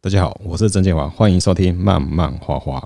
大家好，我是曾建華，歡迎收聽漫漫畫畫。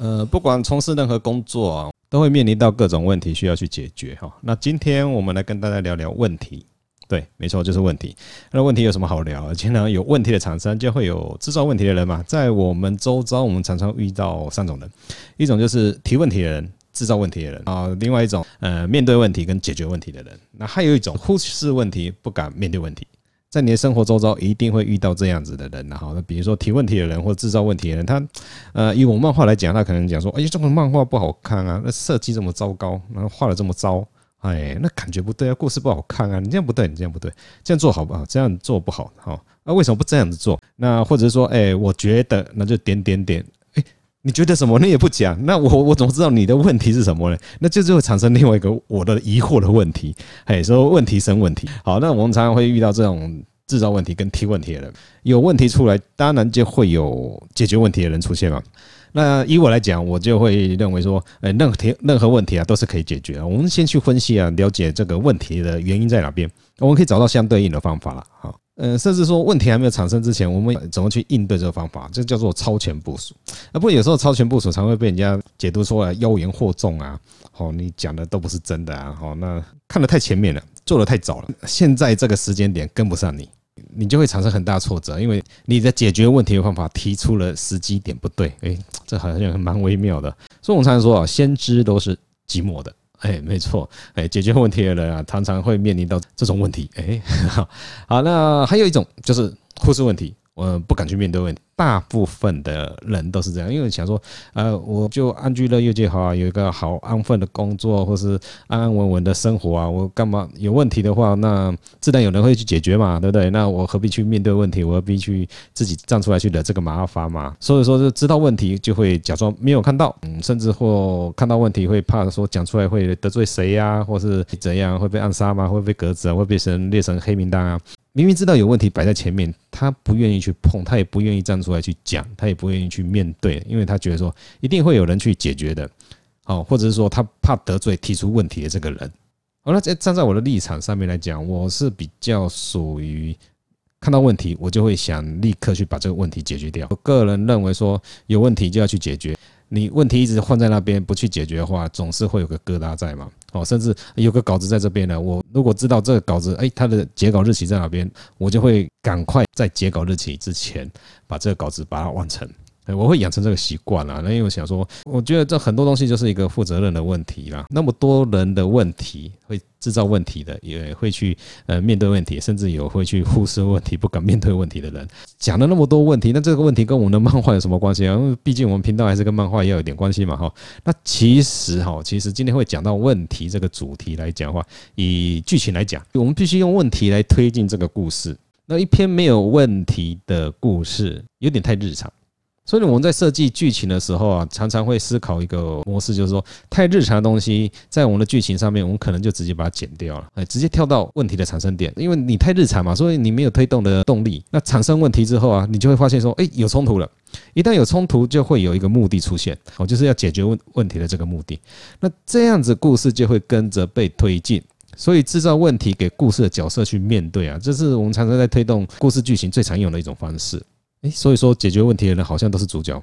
呃，不管從事任何工作啊。都會面臨到各種問題需要去解決哈。那今天我們來跟大家聊聊問題，對，沒錯就是問題。那問題有什麼好聊？經常有問題的產生就會有製造問題的人嘛。在我們周遭，我們常常遇到三種人：一種就是提問題的人，製造問題的人啊；另外一種，呃，面對問題跟解決問題的人。那還有一種忽視問題、不敢面對問題。在你的生活周遭，一定會遇到這樣子的人，然後那比如說提問題的人，或製造問題的人，他，呃，以我們漫畫來講，他可能講說，哎呀，這個漫畫不好看啊，那設計這麼糟糕，然後畫的這麼糟，哎，那感覺不對啊，故事不好看啊，你這樣不對，你這樣不對，這樣做好不好？這樣做不好，哈，那為什麼不這樣子做？那或者是說，哎，我覺得，那就點點點。你覺得什麼？你也不講，那我我怎麼知道你的問題是什麼呢？那就，就會產生另外一個我的疑惑的問題，嘿，說問題生問題。好，那我們常常會遇到這種製造問題跟提問題的人，有問題出來，當然就會有解決問題的人出現嘛。那以我來講，我就會認為說，哎、欸，任何題任何問題啊，都是可以解決。我們先去分析啊，了解這個問題的原因在哪邊，我們可以找到相對應的方法了，好。嗯，甚至說問題還沒有產生之前，我們怎麼去應對這個方法？這叫做超前部署。啊，不過有時候超前部署常會被人家解讀出來妖言惑眾啊！哦，你講的都不是真的啊！哦，那看得太前面了，做得太早了，現在這個時間點跟不上你，你就會產生很大挫折，因為你的解決問題的方法提出了時機點不對。誒，這好像蠻微妙的。所以我們常常說啊，先知都是寂寞的。哎，欸、沒錯，哎、欸，解決問題的人啊，常常會面臨到這種問題。哎、欸，好，那還有一種就是忽視問題。呃，我不敢去面對問題，大部分的人都是這樣，因為想說，呃，我就安居樂業就好啊，有一個好安分的工作，或是安安穩穩的生活啊，我幹嘛有問題的話，那自然有人會去解決嘛，對不對？那我何必去面對問題，我何必去自己站出來去惹這個麻煩嘛？所以說是知道問題就會假裝沒有看到，嗯，甚至或看到問題會怕說講出來會得罪誰呀、啊，或是怎樣會被暗殺嗎？會被革職啊？會被人列成黑名單啊？明明知道有問題擺在前面，他不願意去碰，他也不願意站出來去講，他也不願意去面對，因為他覺得說一定會有人去解決的，好，或者是說他怕得罪提出問題的這個人。好、哦，那站在我的立場上面來講，我是比較屬於看到問題，我就會想立刻去把這個問題解決掉。我個人認為說有問題就要去解決，你問題一直放在那邊不去解決的話，總是會有個疙瘩在嘛。哦，甚至有個稿子在這邊呢。我如果知道這個稿子，哎，它的截稿日期在哪邊，我就會趕快在截稿日期之前把這個稿子把它完成。我會養成這個習慣啦，那因為我想說，我覺得這很多東西就是一個負責任的問題啦。那麼多人的問題，會制造問題的，也會去呃面對問題，甚至有會去忽視問題、不敢面對問題的人。講了那麼多問題，那這個問題跟我們的漫畫有什麼關係啊？因為畢竟我們頻道還是跟漫畫也有點關係嘛哈。那其實哈，其實今天會講到問題這個主題來講話，以劇情來講，我們必須用問題來推進這個故事。那一篇沒有問題的故事，有點太日常。所以我們在設計劇情的時候啊，常常會思考一個模式，就是說太日常的東西，在我們的劇情上面，我們可能就直接把它剪掉了，哎，直接跳到問題的產生點，因為你太日常嘛，所以你沒有推動的動力。那產生問題之後啊，你就會發現說，哎，有衝突了。一旦有衝突，就會有一個目的出現，哦，就是要解決問問題的這個目的。那這樣子故事就會跟着被推進，所以製造問題給故事的角色去面對啊，這是我們常常在推動故事劇情最常用的一種方式。哎，所以說解決問題的人好像都是主角。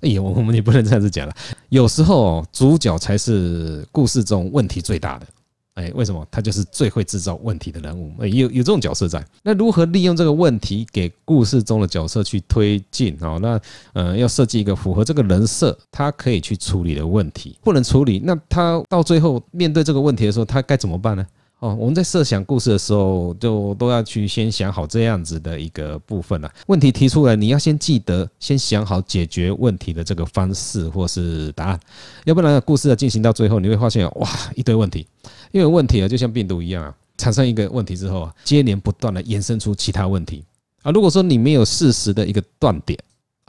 哎呦，我們也不能這樣子講了。有時候哦，主角才是故事中問題最大的。哎，為什麼？他就是最會制造問題的人物。有有這種角色在，那如何利用這個問題給故事中的角色去推進哦，那嗯、呃，要設計一個符合這個人設，他可以去處理的問題，不能處理，那他到最後面對這個問題的時候，他該怎麼辦呢？哦，我們在設想故事的時候，就都要去先想好這樣子的一個部分啊，問題提出來，你要先記得，先想好解決問題的這個方式或是答案，要不然故事啊進行到最後，你會發現哇，一堆問題。因為問題啊，就像病毒一樣啊，產生一個問題之後啊，接連不斷的延伸出其他問題啊。如果說你沒有適時的一個斷點。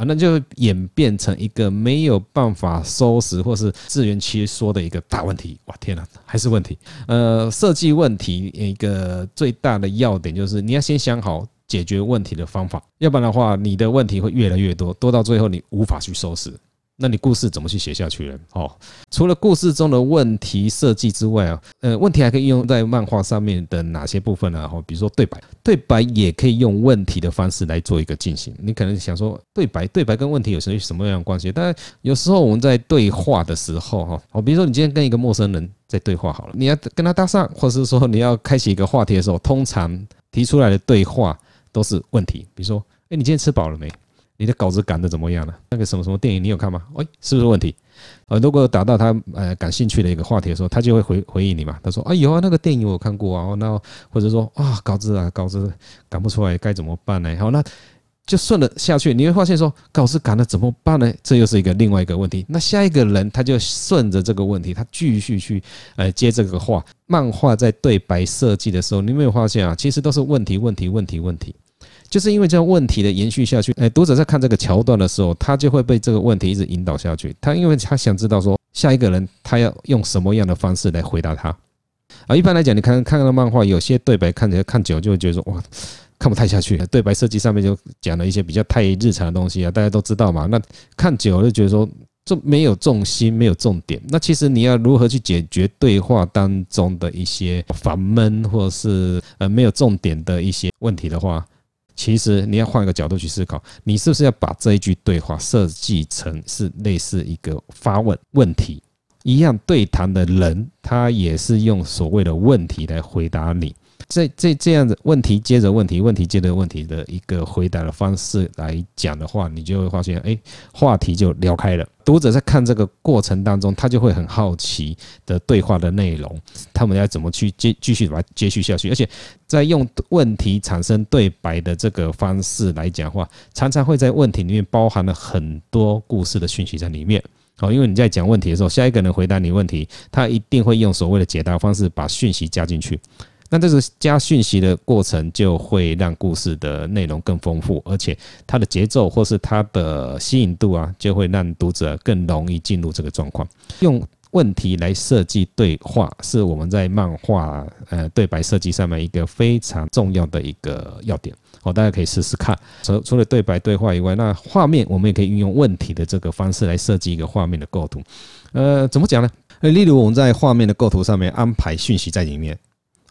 那就演變成一個沒有辦法收拾或是自圓其說的一個大問題。哇，天吶，還是問題。呃，設計問題一個最大的要點就是你要先想好解決問題的方法，要不然的話，你的問題會越來越多，多到最後你無法去收拾。那你故事怎麼去寫下去呢？哦，除了故事中的問題設計之外啊，呃，問題還可以用在漫畫上面的哪些部分呢？啊？哦，比如說對白，對白也可以用問題的方式來做一個進行。你可能想說，對白對白跟問題有什什麼樣的關係？當然，有時候我們在對話的時候，哈，哦，比如說你今天跟一個陌生人在對話，好了，你要跟他搭訕，或者是說你要開啟一個話題的時候，通常提出來的對話都是問題，比如說，哎、欸，你今天吃飽了沒？你的稿子趕得怎麼樣了？那個什麼什麼電影你有看嗎？哎，欸，是不是問題？呃，如果打到他呃感興趣的一個話題的時候，他就會回回應你嘛。他說啊，哎喲，那個電影我看過啊，然後，哦，或者說，哦，啊，稿子啊稿子趕不出來該怎麼辦呢？好，那就順着下去，你會發現說稿子趕了怎麼辦呢？這又是一個另外一個問題。那下一個人他就順着這個問題，他繼續去呃接這個話。漫畫在對白設計的時候，你有沒有發現啊？其實都是問題，問題，問題，問題。就是因為這個問題的延續下去，誒，讀者在看這個橋段的時候，他就會被這個問題一直引導下去。他因為他想知道說下一個人他要用什麼樣的方式來回答他啊。一般來講，你看看到漫畫，有些對白看起來看久就會覺得說哇，看不太下去。對白設計上面就講了一些比較太日常的東西啊，大家都知道嘛。那看久就覺得說這沒有重心，沒有重點。那其實你要如何去解決對話當中的一些煩悶或者是呃沒有重點的一些問題的話？其實你要換一個角度去思考，你是不是要把這一句對話設計成是類似一個發問問題一樣？對談的人他也是用所謂的問題來回答你。這這這樣的問題接着問題，問題接着問題的一個回答的方式來講的話，你就會發現，哎，話題就聊開了。讀者在看這個過程當中，他就會很好奇的對話的內容，他們要怎麼去接繼續來接續下去。而且，在用問題產生對白的這個方式來講話，常常會在問題裡面包含了很多故事的訊息在裡面。好，因為你在講問題的時候，下一個人回答你問題，他一定會用所謂的解答方式把訊息加進去。那這是加訊息的過程，就會讓故事的內容更豐富，而且它的節奏或是它的吸引度啊，就會讓讀者更容易進入這個狀況。用問題來設計對話，是我們在漫畫呃對白設計上面一個非常重要的一個要點。好，大家可以試試看。除除了對白對話以外，那畫面我們也可以運用問題的這個方式來設計一個畫面的構圖。呃，怎麼講呢？呃，例如我們在畫面的構圖上面安排訊息在裡面。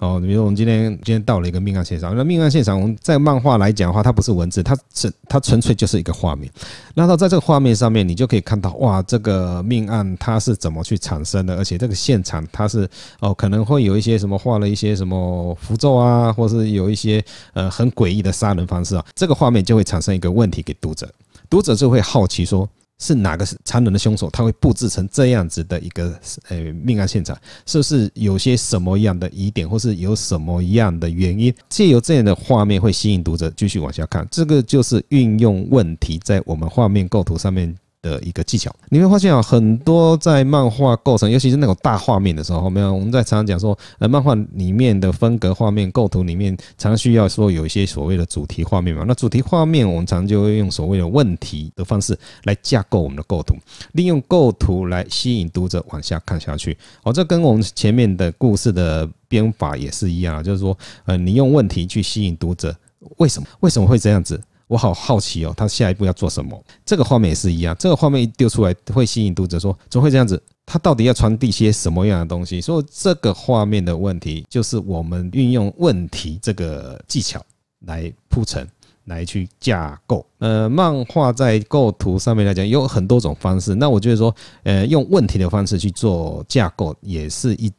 哦，比如說我們今天今天到了一個命案現場，那命案現場我們在漫畫來講的話，它不是文字，它是它純粹就是一個畫面。那它在這個畫面上面，你就可以看到哇，這個命案它是怎麼去產生的，而且這個現場它是哦，可能會有一些什麼畫了一些什麼符咒啊，或是有一些呃很詭異的殺人方式啊，這個畫面就會產生一個問題給讀者，讀者就會好奇說。是哪個殘忍的兇手，他會佈置成這樣子的一個呃命案現場，是不是有些什麼樣的疑點，或是有什麼樣的原因？借由這樣的畫面，會吸引讀者繼續往下看。這個就是運用問題在我們畫面構圖上面的一個技巧，你會發現啊，很多在漫畫構成，尤其是那種大畫面的時候，後面我們在常常講說，呃，漫畫裡面的分格畫面構圖裡面，常需要說有一些所謂的主題畫面嘛。那主題畫面，我們常常就會用所謂的問題的方式來架構我們的構圖，利用構圖來吸引讀者往下看下去。好，這跟我們前面的故事的編法也是一樣，就是說，呃，你用問題去吸引讀者，為什麼？為什麼會這樣子？我好好奇哦，他下一步要做什麼？這個畫面也是一樣，這個畫面一丟出來，會吸引讀者說，怎麼會這樣子？他到底要傳遞些什麼樣的東西？所以這個畫面的問題，就是我們運用問題這個技巧來鋪陳，來去架構。呃，漫畫在構圖上面來講有很多種方式，那我覺得說，呃，用問題的方式去做架構，也是一。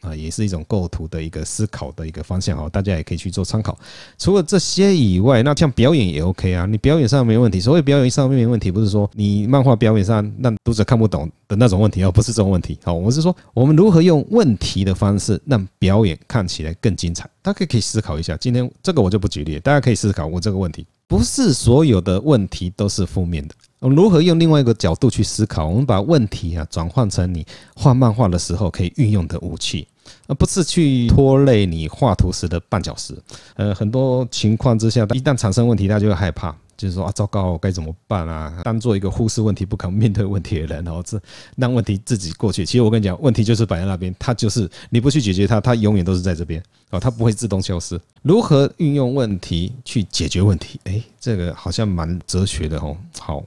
啊，也是一種構圖的一個思考的一個方向哦，大家也可以去做參考。除了這些以外，那像表演也 OK 啊，你表演上沒問題。所謂表演上面沒問題，不是說你漫畫表演上讓讀者看不懂的那種問題哦，不是這種問題。好，我是說我們如何用問題的方式讓表演看起來更精彩，大家可以可以思考一下。今天這個我就不舉例，大家可以思考我這個問題。不是所有的問題都是負面的。我們如何用另外一個角度去思考？我們把問題啊轉換成你畫漫畫的時候可以運用的武器，而不是去拖累你畫圖時的絆腳石。呃，很多情況之下，一旦產生問題，大家就會害怕。就是說啊，糟糕喔，該怎麼辦啊？當做一個忽視問題、不敢面對問題的人，然後這讓問題自己過去。其實我跟你講，問題就是擺在那邊，它就是你不去解決它，它永遠都是在這邊啊，它不會自動消失。如何運用問題去解決問題？欸，這個好像蠻哲學的哦。好，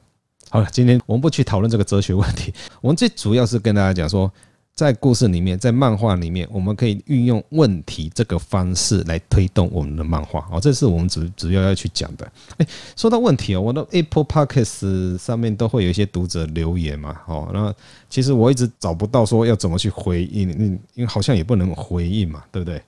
好了，今天我們不去討論這個哲學問題，我們最主要是跟大家講說。在故事裡面，在漫畫裡面，我們可以運用問題這個方式來推動我們的漫畫。好，這是我們主主要要去講的。誒，說到問題哦、喔，我的 Apple Podcast 上面都會有一些讀者留言嘛，哦，那其實我一直找不到說要怎麼去回應，因為好像也不能回應嘛，對不對？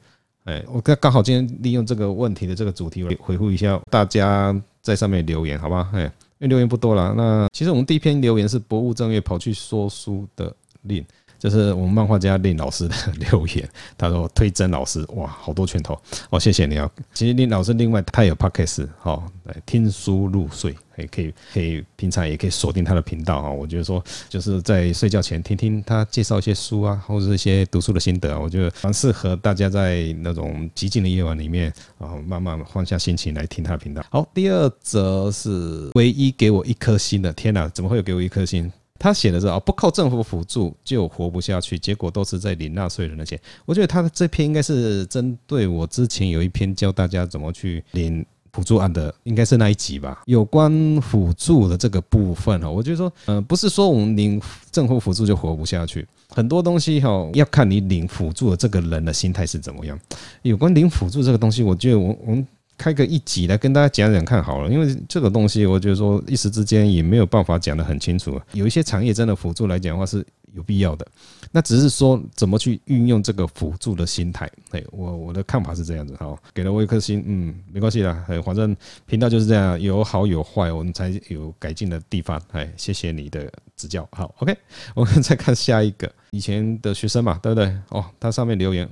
誒，我剛剛好今天利用這個問題的這個主題，回回復一下大家在上面留言，好吧？誒，因為留言不多了。那其實我們第一篇留言是博物正月跑去說書的令就是我們漫畫家林老師的留言，他說，推真老師哇，好多拳頭哦，謝謝你啊！其實林老師另外他有 Podcast 哈，來聽書入睡也可以，可以平常也可以鎖定他的頻道哈。我覺得說就是在睡覺前聽聽他介紹一些書啊，或者是一些讀書的心得，我覺得蠻適合大家在那種寂靜的夜晚裡面，然後慢慢放下心情來聽他的頻道。好，第二則是唯一給我一顆星的，天哪，怎麼會有給我一顆星？他寫的是啊，不靠政府輔助就活不下去，結果都是在領納稅人的錢。我覺得他的這篇應該是針對我之前有一篇教大家怎麼去領輔助案的，應該是那一集吧。有關輔助的這個部分哈，我就說，嗯，不是說我們領政府輔助就活不下去，很多東西哈，要看你領輔助的這個人的心態是怎麼樣。有關領輔助這個東西，我覺得我我們。開個一集來跟大家講講看好了，因為這個東西，我覺得說一時之間也沒有辦法講得很清楚。有一些產業真的輔助來講的話是有必要的，那只是說怎麼去運用這個輔助的心態。誒，我我的看法是這樣子哈，給了我一顆心，嗯，沒關係啦，誒，反正頻道就是這樣，有好有壞，我們才有改進的地方。誒，謝謝你的指教。好，OK，我們再看下一個以前的學生嘛，對不對？哦，他上面留言。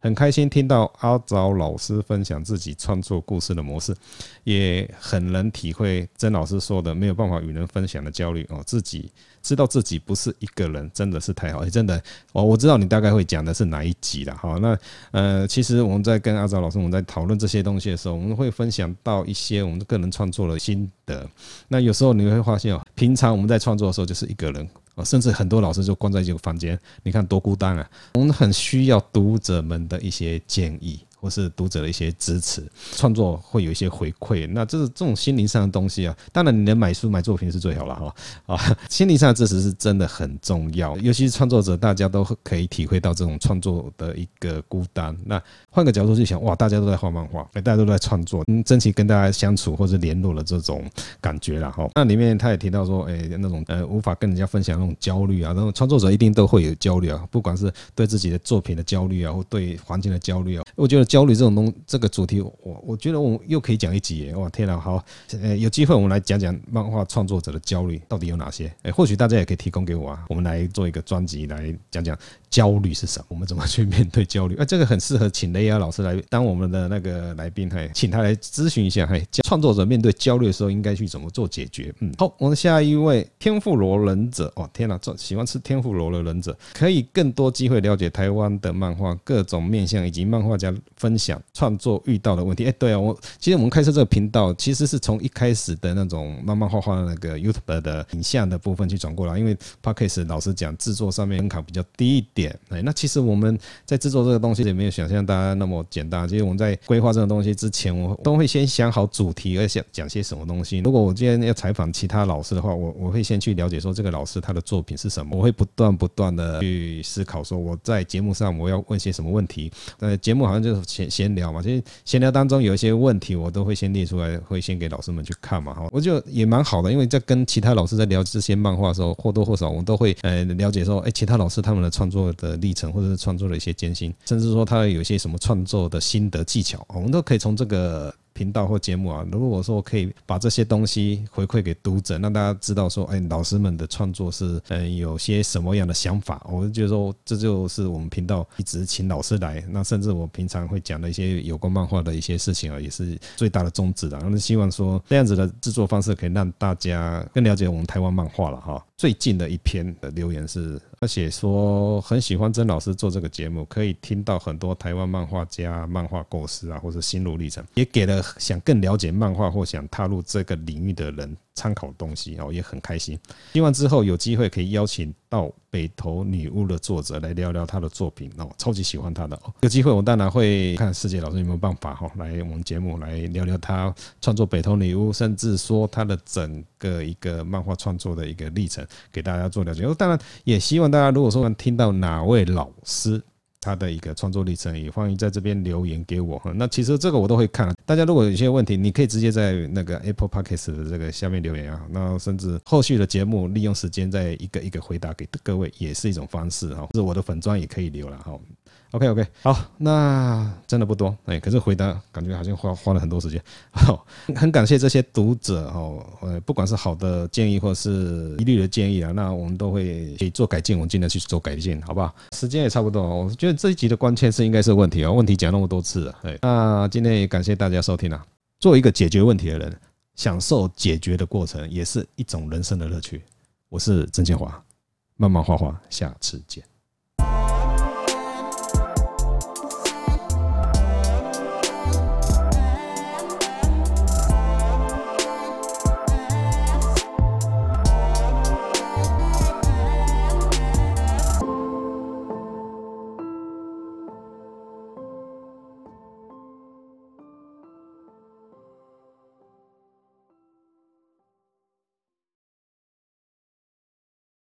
很開心聽到阿昭老師分享自己創作故事的模式，也很能體會曾老師說的沒有辦法與人分享的焦慮哦。自己知道自己不是一個人，真的是太好，欸。真的，我我知道你大概會講的是哪一集了。哈。那呃，其實我們在跟阿昭老師我們在討論這些東西的時候，我們會分享到一些我們個人創作的心得。那有時候你會發現哦、喔，平常我們在創作的時候就是一個人。甚至很多老師就關在這個房間，你看多孤單啊！我們很需要讀者們的一些建議。或是讀者的一些支持，創作會有一些回饋。那這是這種心靈上的東西啊，當然你能買書買作品是最好了哈啊，心靈上的支持是真的很重要，尤其是創作者，大家都可以體會到這種創作的一個孤單。那換個角度去想，哇，大家都在畫漫畫，大家都在創作，嗯，珍惜跟大家相處或是聯絡的這種感覺。然後那裡面他也提到說，哎，那種呃無法跟人家分享那種焦慮啊，那種創作者一定都會有焦慮啊，不管是對自己的作品的焦慮啊，或對環境的焦慮啊，我覺得。焦慮這種東，這個主題我我覺得我們又可以講一集哇！天哪，好，欸、有機會我們來講講漫畫創作者的焦慮到底有哪些？哎、欸，或許大家也可以提供給我啊，我們來做一個專輯來講講。焦慮是什麼？我們怎麼去面對焦慮？哎、啊，這個很適合請雷亞老師來當我們的那個來賓，嘿請他來諮詢一下，嘿創作者面對焦慮的時候應該去怎麼做解決？嗯，好，我們下一位天婦羅忍者哦，天啊，喜歡吃天婦羅的忍者，可以更多機會了解台灣的漫畫各種面向以及漫畫家分享創作遇到的問題。哎、欸，對啊，我其實我們開設這個頻道，其實是從一開始的那種漫漫畫畫那個 YouTube 的影像的部分去轉過來，因為 Podcast 老師講制作上面門檻比較低一。點哎，那其實我們在制作這個東西也沒有想象大家那麼簡單。其實我們在規劃這個東西之前，我都會先想好主題，要想講些什麼東西。如果我今天要採訪其他老師的話，我我會先去了解說這個老師他的作品是什麼，我會不斷不斷的去思考說我在節目上我要問些什麼問題。呃，節目好像就是閒閒聊嘛，其實閒聊當中有一些問題，我都會先列出來，會先給老師們去看嘛。哈，我就也蠻好的，因為在跟其他老師在聊這些漫畫的時候，或多或少我們都會呃了解說，哎，其他老師他們的創作。的歷程，或者是創作的一些艱辛，甚至說他有一些什麼創作的心得技巧，我們都可以從這個頻道或節目啊。如果說我可以把這些東西回饋給讀者，讓大家知道說，哎，老師們的創作是嗯有些什麼樣的想法。我就覺得說這就是我們頻道一直請老師來，那甚至我平常會講的一些有關漫畫的一些事情啊，也是最大的宗旨的。我希望說這樣子的制作方式可以讓大家更了解我們台灣漫畫了哈。最近的一篇的留言是，而且說很喜歡曾老師做這個節目，可以聽到很多台灣漫畫家、漫畫構思啊，或是心路歷程，也給了想更了解漫畫或想踏入這個領域的人。參考東西哦，也很開心。希望之後有機會可以邀請到《北投女巫》的作者來聊聊他的作品哦，超級喜歡他的。有機會我當然會看世界老師有沒有辦法哈，來我們節目來聊聊他創作《北投女巫》，甚至說他的整個一個漫畫創作的一個歷程，給大家做了解。當然也希望大家如果說能聽到哪位老師。他的一個創作歷程，也歡迎在這邊留言給我哈。那其實這個我都會看，大家如果有些問題，你可以直接在那個 Apple Podcast 的這個下面留言啊。那甚至後續的節目利用時間再一個一個回答給各位，也是一種方式哈。就是我的粉專也可以留了哈。OK OK，好，那真的不多哎，可是回答感覺好像花、花了很多時間，很感謝這些讀者哦，呃，不管是好的建議或是疑慮的建議啊，那我們都會去做改進，我們盡量去做改進，好不好？時間也差不多，我覺得這一集的關鍵是應該是問題啊，問題講那麼多次了，哎，那今天也感謝大家收聽啊。做一個解決問題的人，享受解決的過程也是一種人生的樂趣。我是曾建華，漫漫畫畫，下次見。